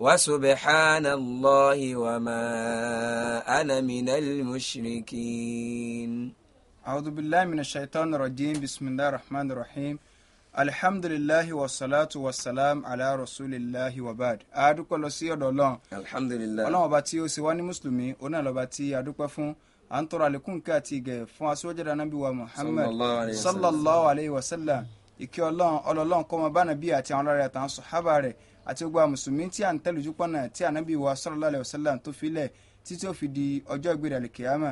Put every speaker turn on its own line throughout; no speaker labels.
وسبحان الله وما أنا من المشركين أعوذ بالله من الشيطان الرجيم بسم الله الرحمن الرحيم الحمد لله والصلاة والسلام على رسول الله وبعد adúpẹ́ lọ sí ọ̀dọ̀ Ọlọ́run alhamdulilayi Ọlọ́run ọba tí ó ṣe wá ní mùsùlùmí òun náà lọ́ba tí a dúpẹ́ fún à ń tọrọ àlékún kí àti ìgẹ̀ fún aṣọ́jà dánábíwá Muhammad sallallahu alayhi wa sallam ìkẹ́ ọlọ́run ọlọ́lọ́run kó máa bá nàbí àti àwọn ọlọ́rẹ̀ àtàwọn sọ̀hábà rẹ̀ àti gbogbo àwọn tí à ń tẹ̀lójú pọ̀nà tí ànábì wa sallallahu alaihi wasallam tó filẹ̀ títí ó fi di ọjọ́ ìgbéra kìámà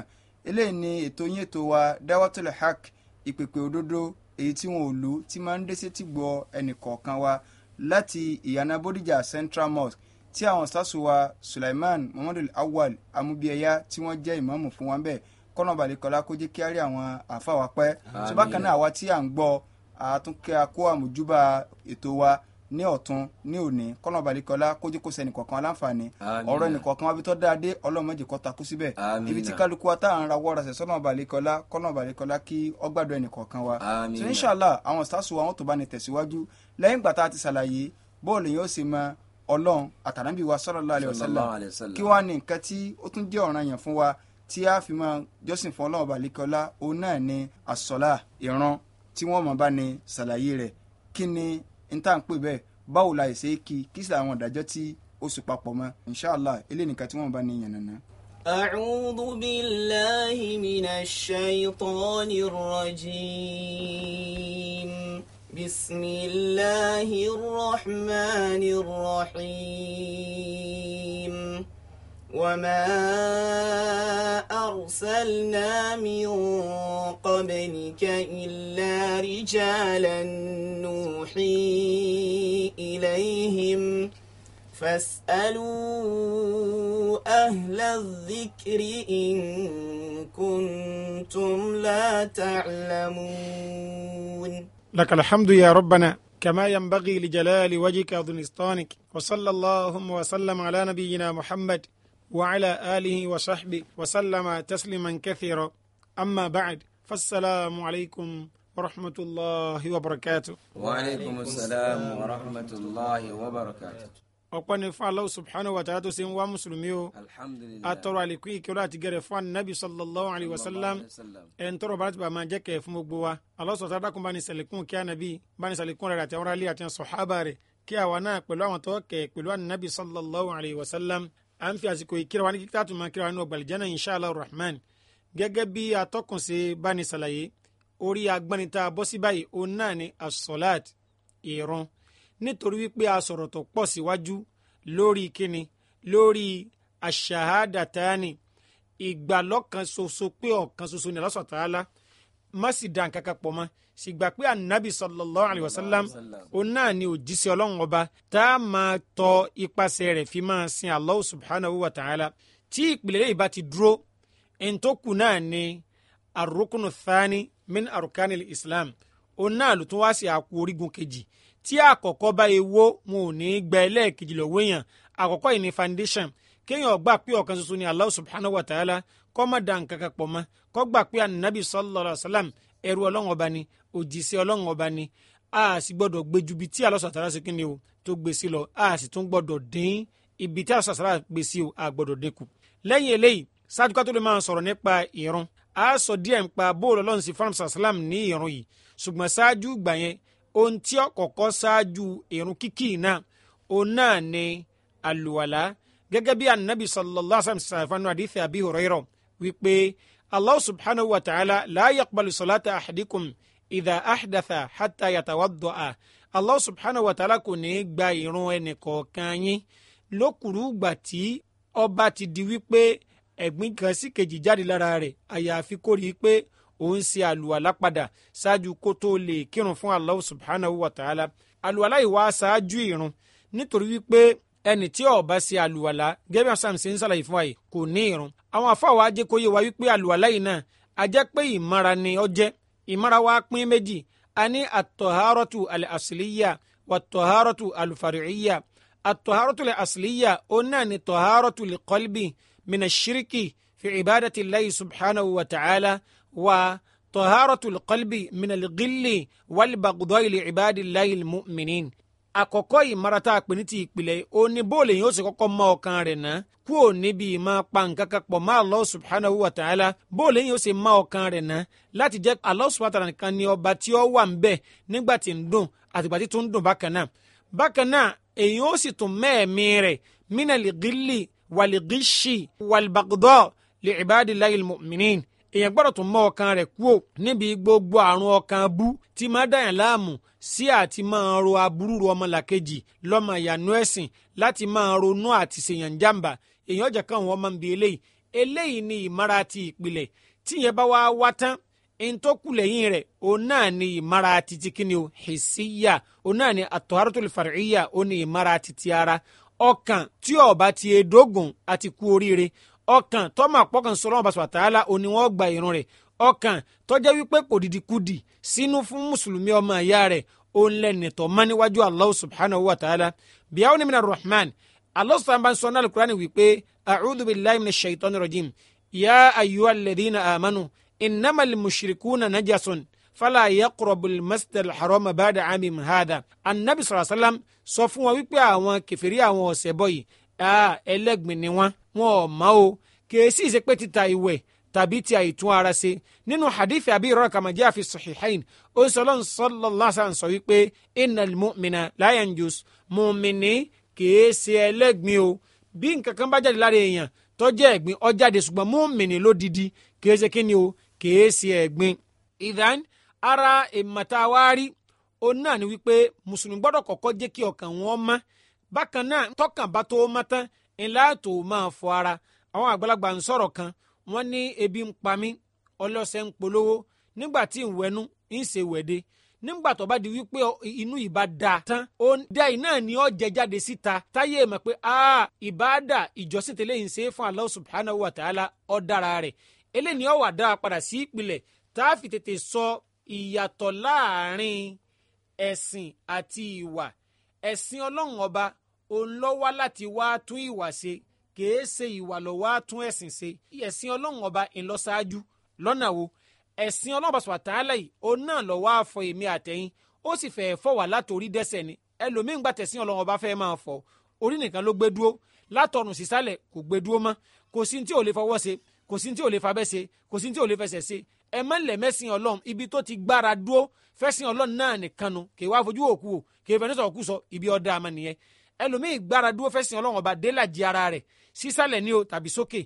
eléyìí ni ètò yín ètò wa Dawatul Haq ìpèpè òdodo èyí tí wọn ò lù tí máa ń dé sétí gbọ́ ẹnì kọ̀ọ̀kan wa láti ìyànà Bódìjà Central Mosque tí àwọn sásù wa Sulaiman Muhammadul Awwal amúbíẹyà tí wọ́n jẹ́ ìmáàmù fún wọn bẹ́ẹ̀ kọ́nà balẹ̀kọ́lá kó jẹ́ kí á rí àwọn àfa wa pẹ́ tó bákan náà àwa tí à ń gbọ́ ọ àtúnkẹ́ akó àmójúbà ètò wa ní ọ̀tún ní òní kọ́nà balikọ́lá kójú kó sẹ́ni kọ̀ọ̀kan aláǹfààní ọ̀rọ̀ ẹnì kọ̀ọ̀kan wa bí tọ́ dáadé ọlọ́mọdé kọ́ takú síbẹ̀ ibi tí kálukú wa tá à ń rawọ́ rasẹ̀ sọ́nà balikọ́lá kọ́nà balikọ́lá kí ọgbàdo ẹnì kọ̀ọ̀kan wa so inshàlá àwọn sàásù wa wọn tó bá ní tẹ̀síwájú lẹ́yìn ìgbà tá a ti ṣàlàyé bóòlù yóò ṣe mọ ọlọ́run àtànábì wa sallallahu alaihi wasallam kí wá ní nǹkan tí ó tún jẹ́ ọ̀ràn yẹn fún wa tí a tí wọ́n máa bá ní ṣàlàyé rẹ̀ kí ni n tá à ń pè bẹ́ẹ̀ báwo la ṣe é kí kí sì àwọn ìdájọ́ tí ó sì papọ̀ mọ́ inṣàlá eléyìí tí wọ́n bá ní yànnàná. أعوذ بالله من الشيطان الرجيم بسم الله الرحمن الرحيم وما أرسلنا من قبلك إلا رجالا نوحي إليهم فاسألوا أهل الذكر إن
كنتم لا تعلمون لك الحمد يا ربنا كما ينبغي لجلال وجهك وذنستانك وصلى اللهم وسلم على نبينا محمد وعلى آله وصحبه وسلم تسليما كثيرا أما بعد فالسلام عليكم ورحمة الله وبركاته وعليكم السلام ورحمة الله وبركاته ọpẹni fún aláwọ subhanahu wa ta'ala tó ṣe ń wá mùsùlùmí o àtọrọ àlékún ìkẹrọ àti gẹrẹ fún anabi sallallahu alayhi wa sallam ẹn tọrọ bá bá máa jẹ kẹ fún gbogbo wa alọsọ tá a dákun bá kí anabi bá ní rẹ àti àwọn aráàlú àti sọhábà rẹ kí àwa náà pẹ̀lú àwọn tó kẹ pẹ̀lú anabi sallallahu alayhi wa sallam à ń fi àsìkò ìkíra wa ní kíkà tó máa kíra wa ní ọgbà àlìjáná rahman gẹ́gẹ́ bí atọ́kùnṣe bá ní orí agbanita bọ́ sí báyìí òun náà ni asọ́láàt ìran nítorí wípé a sọ̀rọ̀ tó pọ̀ síwájú lórí kíni lórí àṣàhádàtáni ìgbàlọ́kan ṣoṣo pé ọ̀kan ṣoṣo ní Allah má sì da nǹkan kan pọ̀ mọ́ sì gbà pé anabi sallallahu alayhi wa sallam òun náà ni òjíṣẹ́ ọlọ́run ọba tá a máa tọ ipasẹ̀ rẹ̀ fi máa sin allah subhanahu wa ta'ala tí ìpìlẹ̀ yìí bá ti dúró ẹni tó kù náà ni arukunu thani min arukani islam òun náà ló tún wá sí àpò orígun kejì tí àkọ́kọ́ bá ewó wọn ò ní gba ẹlẹ́ẹ̀kejì lọ́wọ́ èèyàn àkọ́kọ́ yìí ni foundation kéèyàn gbà pé ọ̀kan ṣoṣo ni allah subhanahu wa ta'ala kọ́ má da nǹkan pọ̀ mọ́ kọ́ gbà pé anabi sallallahu alayhi wa sallam ẹrú ọlọ́run ọba ni òjìṣẹ́ ọlọ́run ọba ni a sì gbọ́dọ̀ gbé ju ibi tí alọ́sàtàrà sí kíni o tó gbé sí lọ a sì tún gbọ́dọ̀ dín ibi tí alọ́sàtàrà gbé sí o a gbọ́dọ̀ dínkù. lẹ́yìn eléyìí ṣáájú ká tó lè máa sọ̀rọ̀ nípa ìrun a sọ díẹ̀ nípa bóòlù ọlọ́run sí fúnra sàlám ní ìrun yìí ṣùgbọ́n ṣáájú ìgbà yẹn ohun tí ọkọ̀ọ̀kọ́ ṣáájú ìrun kíkì náà òun náà ni àlùwàlá gẹ́gẹ́ bí anabi sallallahu alaihi wa sallam sàfanu àdìsí àbí Hurairah wípé Allah subhanahu wa ta'ala la yaqbalu salata ahadikum idha ahdatha hatta yatawadda'a Allah subhanahu wa ta'ala kò ní gba ìrun ẹnì kọ̀ọ̀kan yín lókùrú gbà tí ọba ti di wípé ẹ̀gbin kan sí kejì jáde lára rẹ̀ àyàfi kó rí i pé òun ṣe àlùwàlá padà ṣáájú kó tó lè kírun fún Allah subhanahu wa ta'ala àlùwàlá yìí wá ṣáájú ìrun nítorí wípé ẹni tí ó bá ṣe àlùwàlá gẹ́gẹ́ bí wọn sàmì ṣe ń ṣàlàyé fún wa yìí kò ní irun àwọn àfọwọ́ ajé kò yé wa wípé àlùwàlá yìí náà a jẹ́ pé ìmara ni ó jẹ́ ìmara wa pín méjì a ní àtọ̀hárọ̀tù àlẹ́àṣìlíyà wà tọ̀hárọ̀tù àlùfàrìyà àtọ̀hárọ̀tù àlẹ́àṣìlíyà ó náà ní tọ̀hárọ̀tù lẹ́kọ́lbì mina ṣíríkì fi ìbádàtì láyé subhanahu wa ta'ala wà tọ̀hárọ̀tù lẹ́kọ́lbì mina lẹ́gílì wàlbàgùdọ́ ilẹ̀ ìbádìí láyé mùmìnín àkọ́kọ́ ìmọ̀ra tá a pè ní ti ìpìlẹ̀ o ní bóòlù yìí ó sì kọ́kọ́ mọ ọkàn rẹ̀ náà kú ò níbi ìmọ̀ pa nǹkan kan pọ̀ mọ́ Allah subhanahu wa ta'ala bóòlù yìí ó sì mọ ọkàn rẹ̀ náà láti jẹ́ Allah subhanahu wa ta'ala nìkan ni ọba tí ó wà ń bẹ̀ nígbà tí ń dùn àtìgbà tí tó ń dùn bákan náà bákan náà èyàn ó sì tún mẹ́ẹ̀mí rẹ̀ mínà lè gílì wàlè gíṣì wàlè bàgdọ́ lè ibadillahi al-mu'minin èèyàn gbọ́dọ̀ tún mọ́ ọkàn rẹ̀ kúò níbi gbogbo àrùn ọkàn bú tí máa dàyàn láàmú sí àti máa ro aburú ro ọmọlàkejì lọ́mọ ìyànú ẹ̀sìn láti máa ronú àti ṣèyàn jàǹbá èèyàn ọjà kan wọn máa ń bi eléyìí eléyìí ni ìmára ti ìpìlẹ̀ tíyẹn bá wá wá tán ntɔkulɛyin rɛ o naa ni mara titi kini o hisiya o naa ni atɔharutul fariya o ni mara titi ara ọkàn tí ó ti edogun àti kú oríire ọkàn tọ́mọ̀ àpọ́kàn sọ̀rọ̀ ọba sọ̀tàlá òní wọn gba ìrun rẹ̀ ọkàn tọ́jẹ́ wípé kò dìdí kudì sínú fún mùsùlùmí ọmọ ìyá rẹ̀ ó ń lẹ́nu tọ́ mọ́ níwájú Allah subhanahu wa ta'ala bíyàwó ni mina rahman Allah sọ̀rọ̀ bá ń sọ náà alukurani wípé a'udhu billahi minash shaitani rajim ya ayyuhal ladhina amanu innamal mushrikuna najasun fala yaqrabul masjidal haram ba'da 'amihim hadha annabi sallallahu alaihi wasallam sọ fún wa wípé àwọn kèfèrí àwọn ọ̀sẹ̀ bọ́ ẹlẹ́gbìn ni wọ́n wọn ò mọ́ o kèésì ṣe pé títa ìwẹ̀ tàbí ti àìtún ara ṣe nínú hadith àbí ìrora kàmájẹ́ àfi sahihain ó sọ lọ́n sọ́lọ́ lásán sọ wípé innal mu'mina la yanjus mu'mini kèésì ẹlẹ́gbìn o bí nǹkan kan bá jáde lára èèyàn tó jẹ́ ẹ̀gbin ó jáde ṣùgbọ́n mu'mini ló didi kèésì kíni o kèésì ẹ̀gbin ìdán ara ìmọ̀ta wárí ni wípé mùsùlùmí gbọ́dọ̀ kọ́kọ́ jẹ́ kí ọkàn wọn mọ́ bákan náà bá tó má tán máa fọ ara àwọn àgbàlagbà ń sọ̀rọ̀ kan wọ́n ní ebi ń pa mí ọlọ́sẹ̀ ń polówó nígbà tí ń wẹnu ń ṣe nígbà tó bá di wípé inú ìbá da tán ó iná ni ó jẹ jáde síta táyé mọ̀ pé ìjọsìn tẹ́lẹ̀ ń ṣe fún subhanahu wa ta'ala dára rẹ̀ eléyìí ó wà padà sí ìpìlẹ̀ tá a fi tètè sọ ìyàtọ̀ òun lọ wá láti wá tún ìwà ṣe kìí ṣe ìwà lọ wá tún ẹ̀sìn ṣe ẹ̀sìn ọlọ́run ọba ìlọsáájú lọ́nà wo ẹ̀sìn ọlọ́run ọba sọ̀tàálẹ̀ yìí òun náà lọ wá fọ èmi àtẹ̀yìn ó sì fẹ́ẹ́ fọ wá látòrí dẹ́sẹ̀ ni ẹlòmíín gbà tẹ̀sìn ọlọ́run ọba fẹ́ẹ́ máa fọ orí nìkan ló gbé dúró látọ̀run sísàlẹ̀ kò gbé dúró mọ́ kò sí tí ò lè fọwọ́ ṣe kò sí tí ò lè fabẹ́ ṣe kò sí tí ò lè fẹsẹ̀ ṣe ẹ má lẹ̀ mẹ́sìn ọlọ́run ibi tó ti gbára dúró fẹ́sìn ọlọ́run náà nìkan nu kì fojú òkú o kì í fẹ́ sọ ibi ọ̀dà àmọ́ nìyẹn ẹlòmíì gbára dúró fẹsìn Ọlọ́run ọba délàjì ara rẹ̀ sísàlẹ̀ ni o tàbí sókè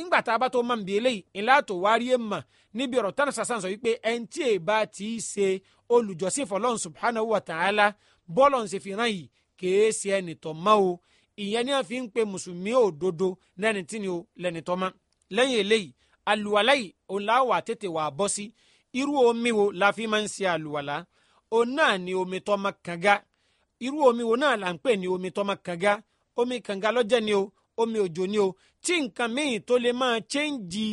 ńgbà tá a bá tó máa ń bi eléyìí ńlá tó wá rí èèmà níbi ọ̀rọ̀ tánà sàṣàn sọ wípé ẹni tí èèbá ti ṣe olùjọ́sìn fọlọ́run subhanahu wa ta'ala bọ́ọ̀lọ̀ ń ṣe fi ràn yìí kèé ṣe ẹni tó mọ́ o ìyẹn ni wọ́n fi ń pe mùsùlùmí òdodo lẹ́ni tí ni o lẹ́ni tó mọ́ lẹ́yìn eléyìí àlùwàlá yìí òun là wà tètè wà bọ́ sí irú omi wo la fi máa ń ṣe àlùwàlá òun náà ni omi tó mọ́ kànga irú omi wo náà là ń pè ní omi tọmọ kànga omi kànga lọ́jẹ́ ni o omi òjò ni o tí nǹkan míì tó lè máa chẹ́ǹjì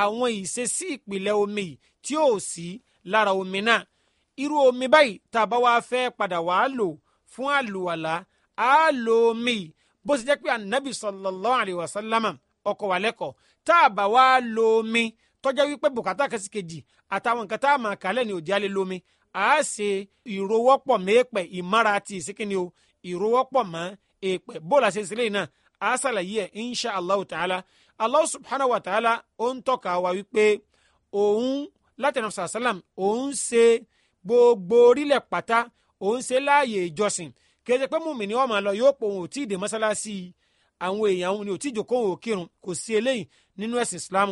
àwọn ìṣesí ìpìlẹ̀ omi tí ò sí lára omi náà irú omi báyìí tá a bá wá fẹ́ padà wá lò fún àlùwàlà á lo omi bó ṣe jẹ́ pé anabi sallallahu alayhi wa sallam ọkọ̀ wà lẹ́kọ̀ọ́ tá a bá wá lo omi tọ́jọ́ wípé bùkátà kẹsìkejì àtàwọn nǹkan tá a máa kà lẹ́ni òjì á a ṣe ìrowọ́pọ̀ mẹ́ẹ̀pẹ̀ ìmára àti ìsìnkìnnì o ìrowọ́pọ̀ mọ́ èèpẹ̀ bóòlù àṣẹ ìsìlẹ̀ náà a ṣàlàyé ẹ̀ insha allah ta'ala allah subhanahu wa ta'ala ó ń tọ́ka wa wípé òun látẹnu sàlám òun ṣe gbogbo orílẹ̀ pátá òun ṣe láàyè ìjọsìn kéde pé mùmí ni wọ́n máa lọ yóò pò òun ò tí ì dé mọ́sálásí àwọn èèyàn òun ni ò tí ì jòkó òun kírun kò sí eléyìí nínú ẹ̀sìn islam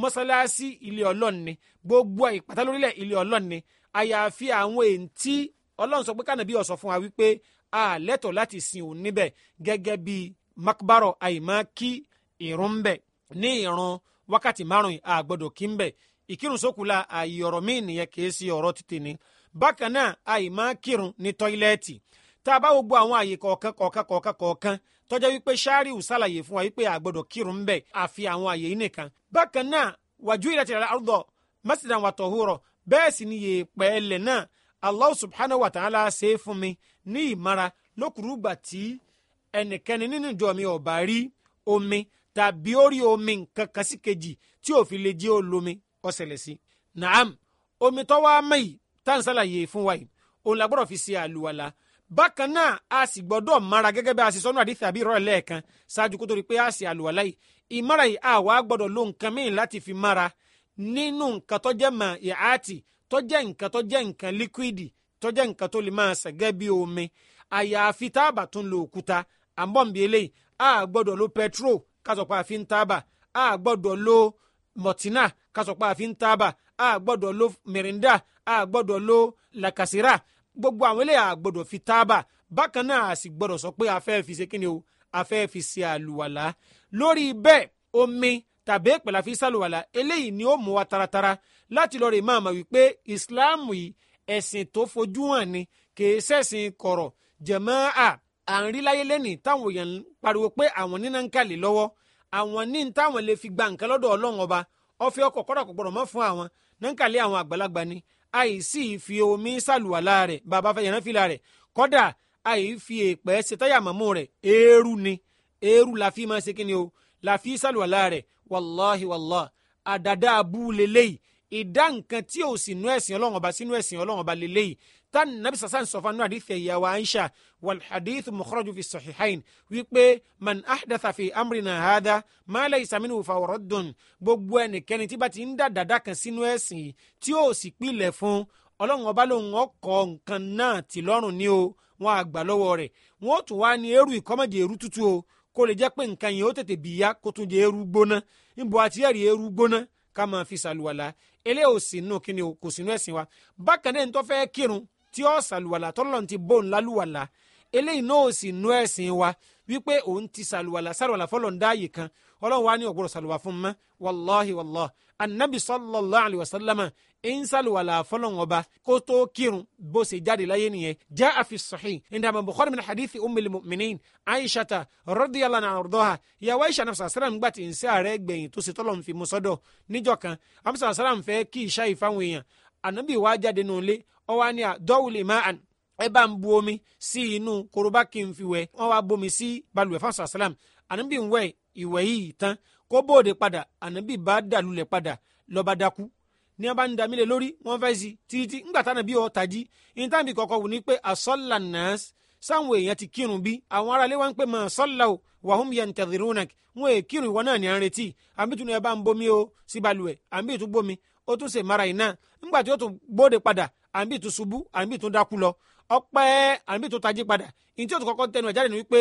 mọ́sálásí ilé ọlọ́run gbogbo ìpátá ilé ọlọ́run àyàfi àwọn èntí ọlọ́run sọ pé kànábí ó sọ fún wa wípé a lẹ́tọ̀ọ́ láti sin òun níbẹ̀ gẹ́gẹ́ bí makbaro àìmọ́ kí ìrun ń bẹ̀ ní ìrun wákàtí márùn a gbọ́dọ̀ kí ń bẹ̀ ìkírun sókùlà àyè ọ̀rọ̀ míì nìyẹn kì í sí ọ̀rọ̀ ni bákan náà àìmọ́ kírun ní tọ́ílẹ́ẹ̀tì tá a bá wo gbọ́ àwọn àyè kọ̀ọ̀kan kọ̀ọ̀kan kọ̀ọ̀kan kọ̀ọ̀kan tọ́jà wípé sáárì ò fún wa wípé àgbọ̀dọ̀ kírun ń bẹ̀ àfi àwọn àyè yìí nìkan. bákan náà bẹ́ẹ̀ sì ni yèèpẹ̀ ẹlẹ̀ náà allah subhanahu wa ta'ala ṣe é fún mi ní ìmara lókùrúgbà tí ẹnikẹ́ni nínú ìjọ mi ò rí omi tàbí ó rí omi nǹkan kan sí kejì tí ò lè jẹ́ olómi ọ̀sẹ̀lẹ̀ sí. naam omi tó wá mọ̀ yìí tá n ṣàlàyé fún wa yìí òun la gbọ́dọ̀ fi ṣe àlùwàlà bákan náà a sì gbọ́dọ̀ mara gẹ́gẹ́ bí a ṣe sọnù àdìsí àbí ìrọ̀lẹ́ lẹ́ẹ̀kan ṣáájú kó tó di pé a ṣe àlùwàlà yìí ìmára yìí àwa gbọ́dọ̀ lo nǹkan míì láti fi mara nínú nǹkan tó jẹ́ mọ̀ ìhátì tó jẹ́ nǹkan tó jẹ́ nǹkan líkwìdì tó jẹ́ nǹkan tó lè máa ṣẹ̀gẹ́ bí omi àyàfi táàbà tún lo òkúta àbọ̀nbí a gbọ́dọ̀ lo petro kásọ̀pá àfi ń táàbà a gbọ́dọ̀ lo mọ̀tínà kásọ̀pá àfi ń táàbà a gbọ́dọ̀ lo mìrìndà a gbọ́dọ̀ lo làkàsírà gbogbo àwọn eléyà a gbọ́dọ̀ fi táàbà bákan náà a sì gbọ́dọ̀ sọ pé a fi ṣe kíni o a fi ṣe àlùwàlá lórí bẹ́ẹ̀ omi tàbí pẹ̀lá fi sàlùwàlà eléyìí ni ó mú wa taratara láti lọ rè máa mọ̀ wípé ìsìláàmù yìí ẹ̀sìn tó fojú hàn ni kìí ṣẹ̀sìn kọ̀rọ̀ jàmáà à ń rí láyé lẹ́nìí táwọn èèyàn ń pariwo pé àwọn nínà ń kàlè lọ́wọ́ àwọn ní táwọn lè fi gba nǹkan lọ́dọ̀ ọlọ́run ọba ọ̀fẹ́ ọkọ̀ kọ́dà kò gbọ́dọ̀ mọ́ fún àwọn náà ń kàlè àwọn àgbàlagbà ni àìsí ìfi omi sàlùwàlà rẹ̀ bàbá fẹ́ yẹn fìlà rẹ̀ kọ́dà àìfi èèpẹ́ ṣe táyà mọ́mú rẹ̀ eérú ni eérú la fi máa ṣe kí ni o la fi sàlùwàlà rẹ̀ wàláhi wàlá àdàdà abú lélẹ́yìí ìdá nǹkan tí ò sì nú ẹ̀sìn ọlọ́run ọba sínú ẹ̀sìn ọlọ́run ọba lélẹ́yìí tá nàbí sàṣàn sọfà nù àdìsẹ̀ ìyàwó àyíṣà wàlhadith mukhraju fi sahihain wípé man ahdatha fi amrina hadha ma laysa minhu fawraddun gbogbo ẹnikẹ́ni tí bá ti ń dá dàdá kan sínú ẹ̀sìn tí ò sì pilẹ̀ fún ọlọ́run ọba lòun ọkọ̀ nǹkan náà tì lọ́rùn ni o wọn àgbà lọ́wọ́ rẹ̀ wọn ò tún wá ní eru ìkọ́mọ̀jẹ̀ eru tútù o kó lè jẹ́ pé nǹkan yẹn ó tètè bìyà kó tún jẹ́ eru gbóná níbo àti ẹ̀rí eru gbóná ká máa fi ṣàlùwàlà eléyìí ò sì nù kí ni o kò sínú ẹ̀sìn wa bákan náà nítorí fẹ́ kírun tí ó ṣàlùwàlà tọ́lọ́ ti bò ńlá lùwàlà eléyìí náà ò ẹ̀sìn wa wípé òun ti ṣàlùwàlà ṣàlùwàlà fọlọ́ dáàyè kan ọlọ́run wa ní ọ̀gbọ́dọ̀ ṣàlùwà fún mọ́ wàláhi wàláhi anabi sallallahu alayhi insalwala fọlọ́n ọba kó tó kírun bó ṣe jáde láyé nìyẹn já àfi sahih indama bukhari min hadithi umil mu'minin aishata radiyallahu anha ọ̀rọ̀dọ́ha ìyàwó aisha anamsa salam gba ti nsẹ́ ààrẹ gbẹ̀yìn tó ṣe tọ́lọ̀ fi mú sọ́dọ̀ níjọ kan amsa salam fẹ́ kí iṣá ìfáwọn èèyàn anabi wa jáde nù lé ọwọ́ ni dọ́wùlì máa ẹ bá ń bu omi sí inú korobá kí n fi wẹ̀ wọ́n wá bomi sí balùwẹ̀ fún salam anabi ń wẹ̀ ìwẹ̀ yìí tán kó bóde padà anabi bá dàlú lẹ̀ padà lọ́ba dákú ní wọn bá ń damílẹ̀ lórí wọn fẹ́ sí títí ńgbà tánà bí ọ̀tá jí ìtàbí kọ̀ọ̀kan wù ní pé àsọ́là nàás sáwọn èèyàn ti kírun bí àwọn aráalé wa ń pè mọ́ sọ́là o wàhùn yantazirunak wọn è kírun ìwọ náà ní à ń retí àbí tunu ẹ bá ń bomi o síbalùwẹ̀ àbí ìtú bomi ó tún ṣe mara iná ńgbà tí ó tún bóde padà àbí ìtú ṣubú àbí ìtú dákú lọ ọpẹ́ àbí ìtú tají padà ìtí ó tún kọ́kọ́ tẹnu ẹ̀ jáde ní wípé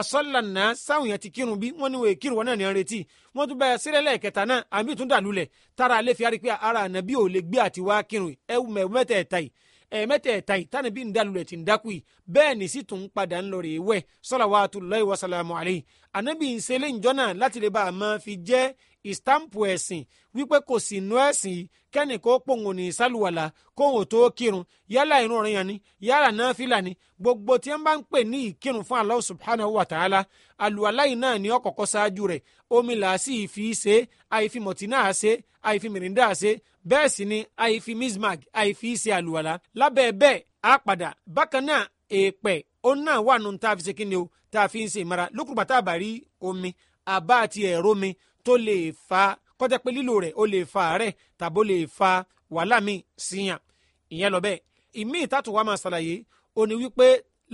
asọ́lànà sáwọn yẹn ti kírun bí wọ́n ní wọ́n kírun wọn náà ní ọ̀rẹ́ tí wọ́n tún bẹ̀rẹ̀ sílẹ̀ lẹ́ẹ̀kẹta náà àmì tún dà lulẹ̀ tára alẹ́ fi arí pé ara ànàbí ò lè gbé àti wá kírun ẹ̀wù mẹ́tẹ̀ẹ̀ta yìí ẹ̀ẹ̀mẹ́tẹ̀ẹ̀ta yìí tani bí ń dà lulẹ̀ ti ń dákú yìí bẹ́ẹ̀ ni sì tún padà ń lọ rèé wẹ̀ salawatullahi wa salamu alayhi ànàbí ń ṣe lẹ́yìn láti lè bá a máa fi jẹ́ ìstáǹpù ẹ̀sìn wípé kò sí inú ẹ̀sìn kẹ́nì kó pòun ní ìsálùwàlà kóun ò tó kírun yálà irun ọ̀rìn yẹn ni yálà náà fìlà ni gbogbo tí wọ́n bá ń pè ní ìkírun fún Allah subhanahu wa ta'ala àlùwàlá yìí náà ni ó kọ́kọ́ ṣáájú rẹ̀ omi làásì ìfi ṣe àìfi mọ̀tínà ṣe àìfi mìrìndà ṣe bẹ́ẹ̀ sì ni àìfi mismag àìfi ṣe àlùwàlá lábẹ́ bẹ́ẹ̀ á padà bákan náà èèpẹ̀ òun náà wà nù tá a fi ṣe kí ni o tá a fi ń ṣe ìmara lókùrùbà tá omi àbá àti ẹ̀rọ mi tó lè fa kọjá pé lílò rẹ̀ ó lè fa àárẹ̀ tàbó lè fa wàhálà míì síyàn ìyẹn lọ bẹ́ẹ̀ ìmí ìtàtù wa máa ṣàlàyé ó ní wípé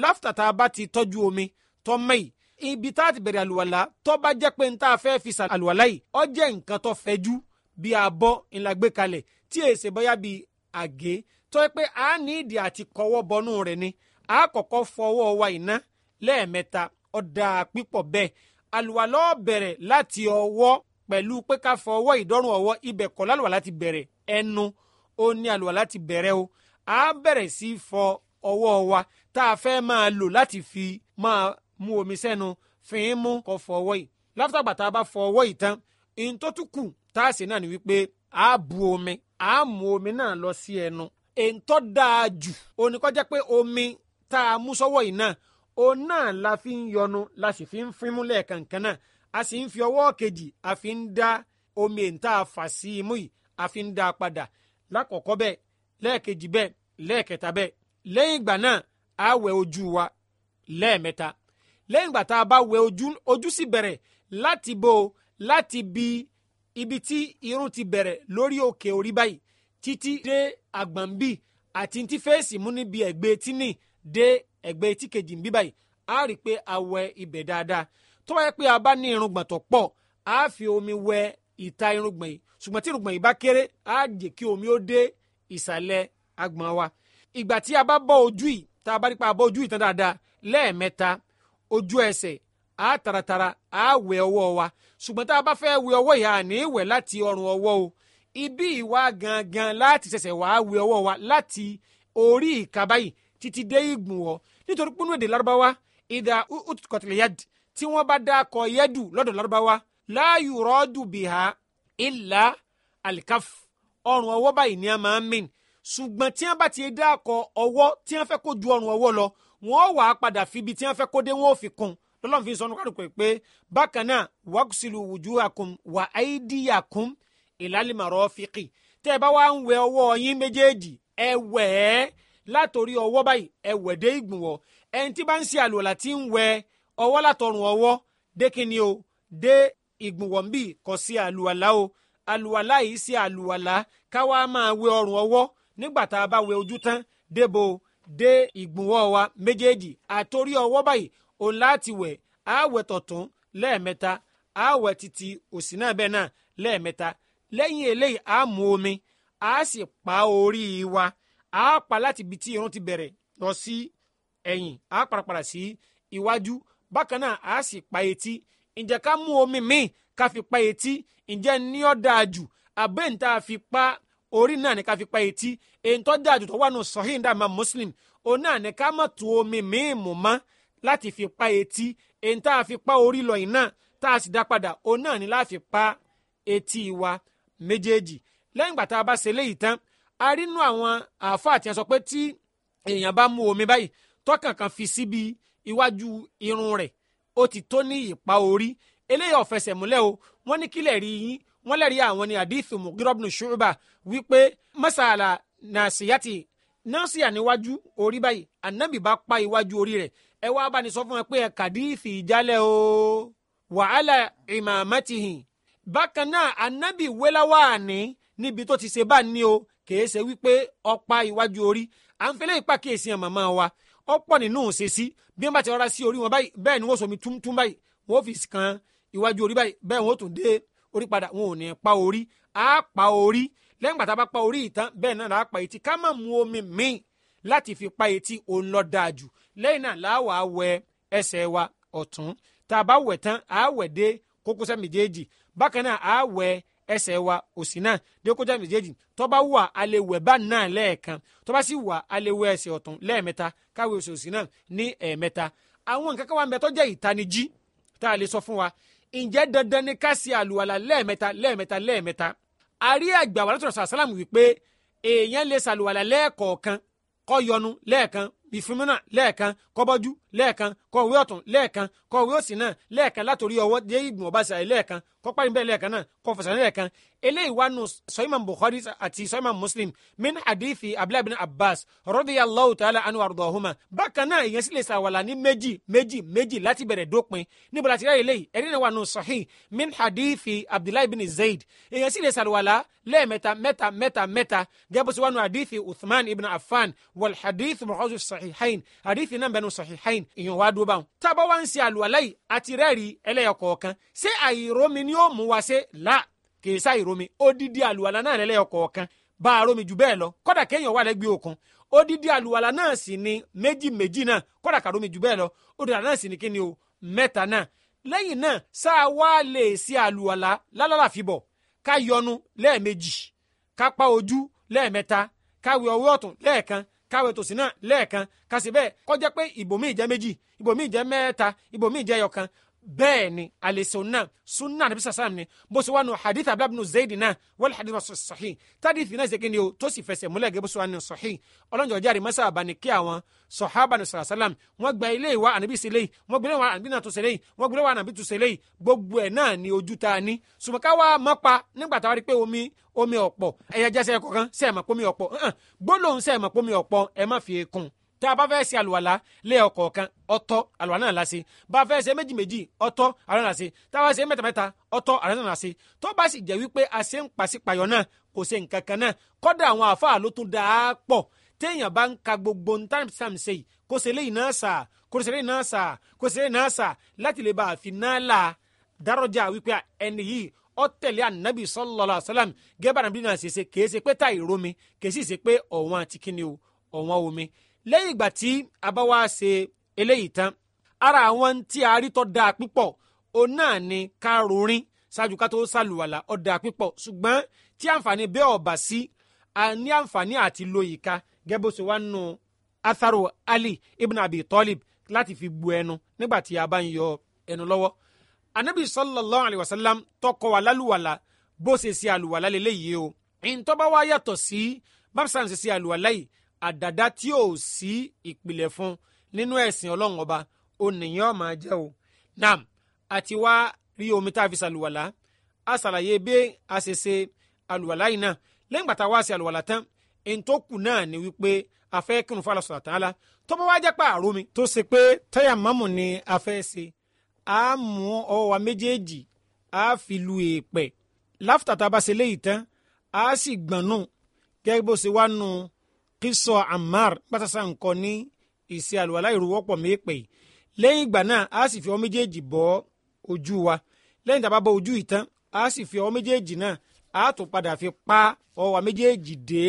láfùtà tá a bá ti tọ́jú omi tọ́ mẹ́yì ibi tá a ti bẹ̀rẹ̀ àlùwàlá tọ́ bá jẹ́ pé n tá a fẹ́ fi sàn àlùwàlá yìí ó jẹ́ nǹkan tó fẹ̀jú bí abọ́ ńlá gbé kalẹ̀ tí èsè bóyá bíi àgé tó yẹ pé a ní ìdí àti kọ́wọ́ bọnú rẹ̀ ni a kọ́kọ́ fọwọ́ wa ìná lẹ́ẹ̀mẹ́ta ọ̀dà pípọ̀ bẹ́ẹ̀ àlùwàlá bẹ̀rẹ̀ láti ọwọ́ pẹ̀lú pé ká fọ ọwọ́ ìdọ́rùn ọwọ́ ibẹ̀ kọ́ lálùwàlá ti bẹ̀rẹ̀ ẹnu ó ní àlùwàlá ti bẹ̀rẹ̀ o a bẹ̀rẹ̀ sí fọ ọwọ́ wa tá a fẹ́ máa lò láti fi máa mú omi sẹ́nu fi ń mú kọ́ fọ ọwọ́ yìí látàgbà tá a bá fọ ọwọ́ yìí tán ihun tá a ṣe náà ni wípé a bu omi a mú omi náà lọ sí ẹnu èyí tó dáa jù ó pé omi tá a mú sọ́wọ́ yìí náà òun náà la fi ń yọnu la sì fi ń fínmú lẹ́ẹ̀kan kan náà a sì ń fi ọwọ́ kejì a fi ń dá omi èntà fà sí imú yìí a fi ń dá a padà lákọ̀ọ́kọ́ bẹ́ẹ̀ lẹ́ẹ̀kejì bẹ́ẹ̀ lẹ́ẹ̀kẹta bẹ́ẹ̀ lẹ́yìn ìgbà náà a wẹ ojú wa lẹ́ẹ̀mẹ́ta lẹ́yìn ìgbà tá a bá wẹ ojú ojú sì bẹ̀rẹ̀ láti bo láti bi ibi tí irun ti bẹ̀rẹ̀ lórí òkè orí báyìí títí dé àgbọ̀nbí àti ti fèsì mú níbi ẹ̀gbẹ́ tíní dé ẹ̀gbẹ́ etí kejì ń bí báyìí a rí i pé a wẹ ibẹ̀ dáadáa tó bá yẹ pé a bá ní irùngbọ̀n tó pọ̀ a fi omi wẹ ìta irùngbọ̀n yìí ṣùgbọ́n tí irùngbọ̀n yìí bá kéré a jẹ́ kí omi ó dé ìsàlẹ̀ agbọ̀n wa ìgbà tí a bá bọ́ ojú yìí tá a bá rí i pé a bọ́ ojú yìí tán dáadáa lẹ́ẹ̀mẹ́ta ojú ẹsẹ̀ a taratara a wẹ ọwọ́ wa ṣùgbọ́n tá a bá fẹ́ wẹ ọwọ́ yìí a ní wẹ̀ láti ọrùn ọwọ́ o ibi ìwà gangan láti ṣẹ̀ṣẹ̀ wàá wẹ ọwọ́ wa láti orí ìka títí dé ìgbùn wọ́ nítorí pínú èdè lárúbáwá ìdá utkọtìlẹyàd tí wọ́n bá dá akọ yẹdù lọ́dọ̀ lárúbáwá láàyò rọọdù bìhá ìlà alikaf ọrùn ọwọ́ báyìí ni a máa ń mìn ṣùgbọ́n tí wọ́n bá ti dá akọ ọwọ́ tí wọ́n fẹ́ kó ju ọrùn ọwọ́ lọ wọ́n wà á padà fibi tí wọ́n fẹ́ kó dé wọ́n ò fi kún lọ́lọ́run fi sọ ọ́nù kárùkù pé bákan náà wàkùsìlù wujuhakum wà aydiyakum ìlàlímàrọ̀ fìkì tẹ́ ẹ bá wá ń wẹ ọwọ́ yín méjèèjì ẹ wẹ̀ ẹ́ látòrí ọwọ́ báyìí ẹ̀wẹ̀dẹ́ ìgbìnwọ̀ ẹni tí bá ń ṣe àlùwàlà tí ń wẹ ọwọ́ látọrùn ọwọ́ dé kíni o dé ìgbìnwọ̀ ń bì kọ́ sí àlùwàlà o àlùwàlà yìí ṣe àlùwàlà káwa máa wẹ ọrùn ọwọ́ nígbà tá a bá wẹ ojú tán débo dé ìgbìnwọ̀ wa méjèèjì àtòrí ọwọ́ báyìí òun láti wẹ̀ àwẹ̀ tọ̀tún lẹ́ẹ̀mẹ́ta àwẹ̀ títí òsì náà bẹ́ẹ̀ náà lẹ́ẹ̀mẹ́ta lẹ́yìn eléyìí a mú omi a sì pa orí wa a pa láti ibi tí irun ti bẹ̀rẹ̀ lọ sí ẹ̀yìn a parapara sí iwájú bákan náà a sì pa etí ǹjẹ́ ká mú omi míì ká fi pa etí ǹjẹ́ ní ọ́ dáa jù àbẹ́ ń tá a fi pa orí náà ni ká fi pa etí èyí tó dáa jù tó wà nù sọ́hìn dàmà muslim òun náà ni ká má tu omi míì mú mọ́ láti fi pa etí èyí tá a fi pa orí lọ náà tá a sì dá padà òun náà ni láti pa etí wa méjèèjì lẹ́yìn ìgbà tá a bá ṣe léyìí tán a rí nínú àwọn àáfàá tí wọ́n sọ pé tí èèyàn bá mú omi báyìí tọkàn kan fi síbi iwájú irun rẹ̀ ó ti tó ní ìpa orí eléyìí ọ̀fẹsẹ̀ múlẹ̀ o wọ́n ní kílẹ̀ rí yín wọ́n lẹ́rí àwọn ní àdìsù mugirobnu shu'ba wípé masala nasiyati nasiya níwájú orí báyìí anabi bá pa iwájú orí rẹ̀ ẹ wá bá ní sọ fún ẹ pé ẹ kàdíìsì ìjálẹ̀ o wàhálà ìmàmátìhìn bákan náà anabi wéláwá ní níbi tó ti ṣe bá ní o kìí ṣe wípé ọ̀pá iwájú orí à ń fẹ́lẹ́ ìpàkíyèsí ẹ̀ màmá wa ọ̀pọ̀ nínú ṣe sí bí wọ́n bá ti rọra sí orí wọn báyìí bẹ́ẹ̀ ni wọ́n sọmi túmtúm báyìí wọ́n fi kan iwájú orí báyìí bẹ́ẹ̀ wọ́n tún dé orí padà wọn ò ní pa orí á pa orí lẹ́yìn gbàtà bá pa orí ìtàn bẹ́ẹ̀ náà láà pa etí ká má mu omi míì láti fi pa etí òun lọ dáa jù lẹ́yìn náà láwàá wẹ ẹsẹ̀ wa ọ̀tún tá a bá wẹ̀ tán á wẹ̀ dé kókósẹ̀ méjèèjì bákan náà á wẹ̀ ẹsẹ̀ wa òsì náà dékójá méjèèjì tó bá wà a lè wẹ̀ bá náà lẹ́ẹ̀kan tó bá sì wà a lè wẹ̀ ẹsẹ̀ ọ̀tún lẹ́ẹ̀mẹ́ta káwé ẹsẹ̀ òsì náà ní ẹ̀ẹ̀mẹ́ta àwọn nǹkan kan wà ń bẹ tó jẹ́ ìtanijí tá a lè sọ fún wa ǹjẹ́ dandan ni ká ṣe àlùwàlà lẹ́ẹ̀mẹ́ta lẹ́ẹ̀mẹ́ta lẹ́ẹ̀mẹ́ta a rí àgbà wà látọ̀rọ̀ sàlám wípé èèyàn lè ṣàlùwàlà lẹ́ẹ̀kọ̀ọ̀kan bìfimínà lẹ́ẹ̀kan kọ́bọ́jú lẹ́ẹ̀kan kọ̀wé ọ̀tún lẹ́ẹ̀kan kọ̀wé òsì náà lẹ́ẹ̀kan látòrí ọwọ́ dé ìgbìmọ̀ bá ṣàlàyé lẹ́ẹ̀kan kọ́pá níbẹ̀ lẹ́ẹ̀kan náà kọfẹ̀sẹ̀ lẹ́ẹ̀kan eléyìí wà nù sọ́yìmàn Bukhari àti sọ́yìmàn Muslim min hadithi Abdullahi bin Abbas radiyallahu ta'ala anhu ardọ̀huma bákan náà ìyẹn sì lè ṣàwàlà ní méjì méjì méjì láti bẹ̀rẹ̀ dópin níbo láti rẹ́ eléyìí ẹ̀rí náà wà nù sahih min hadithi Abdullahi bin Zaid ìyẹn sì lè ṣàwàlà lẹ́ẹ̀mẹ́ta mẹ́ta mẹ́ta mẹ́ta gẹ́gẹ́ bó ṣe wà nù hadithi Uthman ibn Affan wal hadith muhammadu sahihain hadithi náà bẹnu sahihain ìyẹn wàá dúró báwọn. tábà wá ń ṣe àlùwàlá yìí àti rẹ́ẹ̀rí ẹlẹ́yọ kọ̀ọ̀kan ṣé àìrómi ni ó mú wa ṣe là kì í ṣàìrómi odidi àlùwàlá náà lẹ́yọ kọ̀ọ̀kan bá a rómi jù bẹ́ẹ̀ lọ kọ́dà kéèyàn wà lẹ́gbẹ̀ẹ́ òkun odidi àlùwàlá náà sì ni méjì méjì náà kọ́dà kà rómi jù bẹ́ẹ̀ lọ odidi àlùwàlá náà sì ni kí ni o mẹ́ta náà lẹ́yìn náà sáà wá lè ṣe àlùwàlá lálàlàfíbọ̀ ká yọnu lẹ́ẹ̀mejì ká pa ojú lẹ́ẹ̀mẹ́ta ká wẹ ọwọ́ ọ̀tún káwé tòsí náà lẹ́ẹ̀kan kàsí bẹ́ẹ̀ kọjá pé ìbòmíì jẹ́ méjì ìbòmíì jẹ́ mẹ́ta ìbòmíì jẹ́ yọkan bẹ́ẹ̀ ni alẹ́sọ̀nà sunna anabi sàlám ni bó ṣe wà nù hadith abdulhamid zayidi náà wal hadith wasu sahih tádìí fi náà ṣe kíni o tó sì fẹsẹ̀ múlẹ̀ gẹ́gẹ́ bó ṣe wà nù sahih ọlọ́njọ́ jáde mọ́sá àbáni kí àwọn sọ̀hábà nù sàlám wọ́n gba ilé ìwà anabi ṣe léyìí wọ́n gbélé wà anabi náà tó ṣe léyìí wọ́n gbélé wà anabi tó ṣe léyìí gbogbo ẹ̀ náà ni ojú ta ni sùmọ́ká wa mọ́pa nígbà táwa rí pé omi omi ọ̀pọ̀ ẹ̀yà jẹ́sẹ̀ kọ̀ọ̀kan sẹ́ẹ̀mọ̀ pómi ọ̀pọ̀ gbólóhùn sẹ́ẹ̀mọ̀ pómi ọ̀pọ̀ ẹ̀ má fi kún tá a bá fẹ́ ṣe àlùwàlá lé ọ̀tọ̀ àlùwàlá náà la ṣe bá a fẹ́ ṣe méjì méjì ọ̀tọ̀ àlùwàlá náà la ṣe tá a bá ṣe mẹ́ta mẹ́ta ọ̀tọ̀ àlùwàlá náà la ṣe tó bá sì jẹ́ wípé a ṣe ń pàṣípàyọ̀ náà kò ṣe nǹkan kan náà kọ́dà àwọn àfáà ló tún dáa pọ̀ téèyàn bá ń ka gbogbo ní tàbí ṣe kó ṣe léyìn náà sà kó ṣe léyìn náà sà kó ṣe léyìn náà sà láti lè bá ó tẹ̀lé anabi sọlọ́lá sálám gẹ́gẹ́ bá náà ṣe ṣe kèé ṣe pé táì romi kèé sì ṣe pé ọ̀wọ́n àti kíni o ọ̀wọ́n omi lẹ́yìn ìgbà tí a bá wá ṣe eléyìí tán ara àwọn tí a rí tọ́ da pípọ̀ òun náà ni ká rorin ṣáájú ká tó ṣàlùwàlà ọ̀dà pípọ̀ ṣùgbọ́n tí àǹfààní bẹ́ẹ̀ ọ̀bà sí a ní àǹfààní àti lo ìka gẹ́gẹ́ bó ṣe wá nù atharo ali ibn abi talib láti fi bu ẹnu nígbà tí a bá ń yọ ẹnu lọ́wọ́ anabi sallallahu alayhi wa sallam tọkọ wa lálùwàlà bó ṣe ṣe àlùwàlà lélẹ́yìí o ìǹtọ́ba wa yàtọ̀ sí bàbá sàn ṣe àlùwàlà yìí àdàdá tí ò sí ìpìlẹ̀ fún nínú ẹ̀sìn ọlọ́run ọba ònìyàn máa jẹ́ o nam àti wá rí omi tá a fi ṣàlùwàlá a ṣàlàyé bí a ṣe ṣe àlùwàlá yìí náà lẹ́yìn gbàtà wá ṣe àlùwàlá tán ntòkù náà ni wípé a fẹ́ kírun fún aláṣọ àtàlá tó bá wá jẹ́ pé àrò mi tó ṣe pé táyà mọ́mù ni a fẹ́ ṣe a mú ọwọ́ wa méjèèjì a fi lu èèpẹ̀ láfùtà tá a bá ṣe léyìí tán a sì gbọ̀n nù gẹ́gẹ́ bó ṣe wá nù. No kíso Ammar bàtàsà nǹkan ní ìṣe àlùwàlá ìrúwọ́pọ̀ mẹ́pẹ́ leyin ìgbà náà a sì fi ọwọ́ méjèèjì bọ́ ojú wa lẹ́yìn tàbá bọ ojú ìtàn a sì fi ọwọ́ méjèèjì náà a tún padà fi pa ọwọ́ méjèèjì dé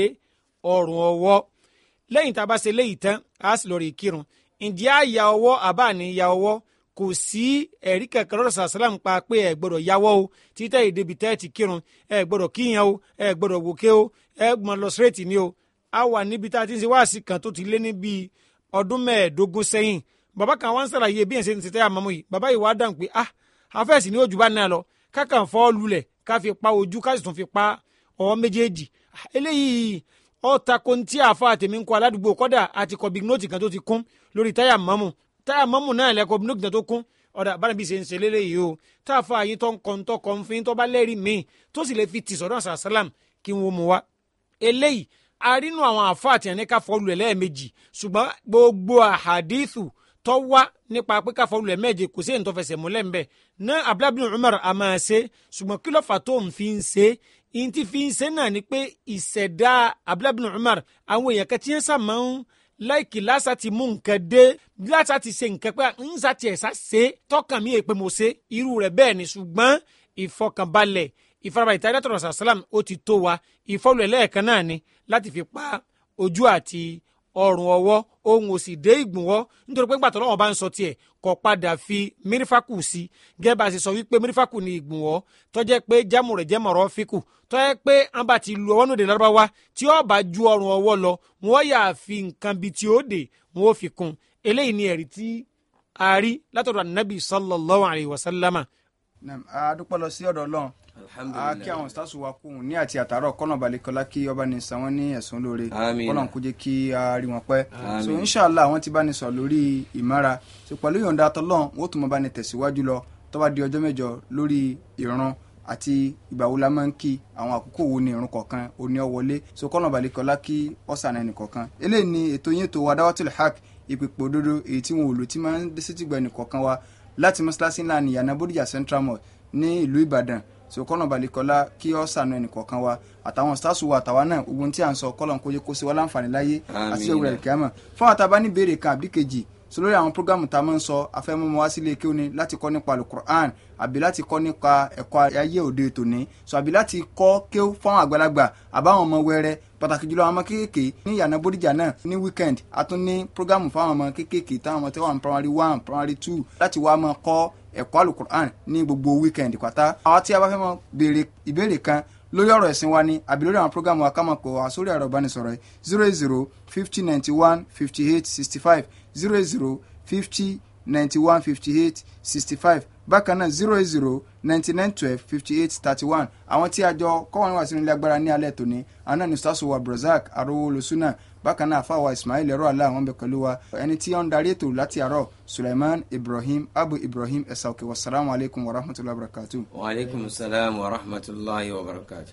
ọrùn tàbá tán a sì lọ rí kírun ya ọwọ́ àbá ni ya ọwọ́ kò sí ẹ̀rí kankan lọ́dọ̀ sàlám pa pé ẹ gbọ́dọ̀ yáwọ́ o títẹ̀ ìdèbìtẹ́ ti kírun ẹ gbọ́dọ̀ kíyan o ẹ gbọ́dọ̀ wòkè o ẹ gbọ́dọ̀ lọ ni o a wà níbi tá a ti ń ṣe wáàsí kan tó ti lé ní bíi ọdún mẹ́ẹ̀ẹ́dógún sẹ́yìn bàbá kan wá ń ṣàlàyé bí ẹ̀sìn ti tẹ́ àmọ́mọ́ yìí bàbá yìí wá dàn pé ah afẹ́sì ni ojú bá náà lọ kákan fọ́ lulẹ̀ ká fi pa ojú ká sì tún fi pa ọwọ́ méjèèjì ah, eléyìí ọ̀ta kò ní tí àfa àtẹ̀mí ń kọ aládùúgbò kọ́dà àti kọ̀ big note kan tó ti kún lórí táyà mọ́mù táyà mọ́mù náà lẹ́kọ̀ọ́ big note kan tó kún ọ̀dà bánibí ṣe ń lélẹ́yìí o táàfà yín tó ń kọ́ ń kọ́ ń fi ń tọ́ bá lẹ́rìí míì tó sì lè fi tìsọ̀rọ̀ sàlám kí wọ́n mú wa eléyìí arínú àwọn àáfàá àti ẹni ká fọlù ẹ lẹ́ẹ̀mejì ṣùgbọ́n gbogbo àhàdíìsù tó wá nípa pé ká fọlù ẹ méje kò sí èyí tó fẹsẹ̀ múlẹ̀ ńbẹ̀ náà Umar a máa ṣe ṣùgbọ́n kí ló fà tó ń fi ń ṣe ìyìn tí fi ń ṣe náà ni pé ìṣẹ̀dá Abdullahi Umar àwọn èèyàn kan tí ń sàmọ́ ń láìkì lásà ti mú nǹkan dé lásà ti ṣe nǹkan pé ńsà tiẹ̀ sá ṣe tọkàn mi èpè mo ṣe irú rẹ̀ bẹ́ẹ̀ ni ṣùgbọ́n ìfọkànbalẹ̀ ìfarabà ìtàrí àtọ̀rọ̀ sàlám ó ti tó wa ìfọ́lù ẹlẹ́ẹ̀kan náà ni láti fi pa ojú àti ọrùn ọwọ́ ohun òsì dé ìgbìnwọ́ nítorí pé gbàtọ́ lọ́wọ́ bá ń sọ tiẹ̀ kọ́ padà fi mírífàkù sí gẹ́gẹ́ bá a ṣe sọ wípé mírífàkù ni ìgbìnwọ́ tọ́jẹ́ pé jámù rẹ̀ jẹ́ mọ̀rọ́ fíkù tọ́jẹ́ pé wọ́n bá ti lu ọwọ́ nòde lárúbáwá tí ó bá ju ọrùn ọwọ́ lọ wọ́n yà fi nǹkan bíi tí ó dé wọ́n ó fi kún eléyìí ni ẹ̀rí tí a rí látọ̀dọ̀ ànábì sallallahu alayhi wa sallama
a lọ sí ọ̀dọ̀ ọlọ́run a kí àwọn sításù wa kù ní àti àtàrọ̀ kọ́nà balẹ̀kọ́lá kí ọba ní sàn wọ́n ní ẹ̀sùn lóore kọ́nà kó kí a rí wọn pẹ́ so inshàlá àwọn ti bá ní sọ lórí ìmára so pẹ̀lú ìyọ̀ǹda tọ́lọ́n wọ́n tún mọ́ bá ní tẹ̀síwájú lọ tó bá di ọjọ́ mẹ́jọ lórí ìran àti ìgbà wo la máa ń kí àwọn àkókò wo ni ìrun kọ̀ọ̀kan òní ọ̀wọ́lé so kọ́nà balẹ̀kọ́lá kí ọ̀sán ẹnì ni ètò yín ètò wa dáwọ́tìlì hak ìpèpè òdodo èyí tí ẹnì kọ̀ọ̀kan wa láti mọ́ṣáláṣí ńlá ní ìyànà bódìjà central mall ní ìlú ìbàdàn tí ó kọ́nà balẹ̀kọ́lá kí ó ṣàánú ẹnìkọ̀ọ̀kan wa àtàwọn stars wa àtàwa náà ogun tí à ń sọ kọ́lọ̀ ń kóyé kó sí wa láyé àti ọ̀gbìn ẹ̀kẹ́ fún àtàbá kan àbí so lórí àwọn programu tá a máa ń sọ afẹ́mọ́mọ́ wá sílé kí ó ní láti kọ́ nípa alukur'an àbí láti kọ́ nípa ẹ̀kọ́ ayé òde tòní so àbí láti kọ́ kí o fún àgbàlagbà àbáwọn ọmọ wẹrẹ pàtàkì jùlọ àwọn ọmọ kéékèèké ní ìyànà bódìjà náà ní weekend a tún ní programu fáwọn ọmọ kéékèèké táwọn ọmọ tí wọ́n primary one primary two láti wá máa kọ́ ẹ̀kọ́ alukur'an ní gbogbo weekend pátá àwa tí a bá fẹ́ mọ béèrè ìbéèrè kan lórí ọ̀rọ̀ ẹ̀sìn wa ni àbí lórí àwọn programu wa ká máa pè wá sórí ìbánisọ̀rọ̀ zero zero fifty ninety one fifty eight sixty five zero zero fifty ninety one fifty eight sixty five bákan náà zero zero ninety nine twelve fifty eight thirty one àwọn tí a jọ kọ́ wọn wá sínú ilé agbára ní alẹ́ tòní àwọn náà ní sọ́sọ́ wa brazak arówó losuna bákan náà àfàwà ismail ẹ̀rọ àlá àwọn bẹ̀ pẹ̀lú wa ẹni tí wọ́n ń darí ètò láti àárọ̀ suleiman ibrahim abu ibrahim ẹ̀sà òkè wasalaamu alaykum wa rahmatulahi wa barakatu. wa aleykum salaam wa rahmatulahi wa barakatu.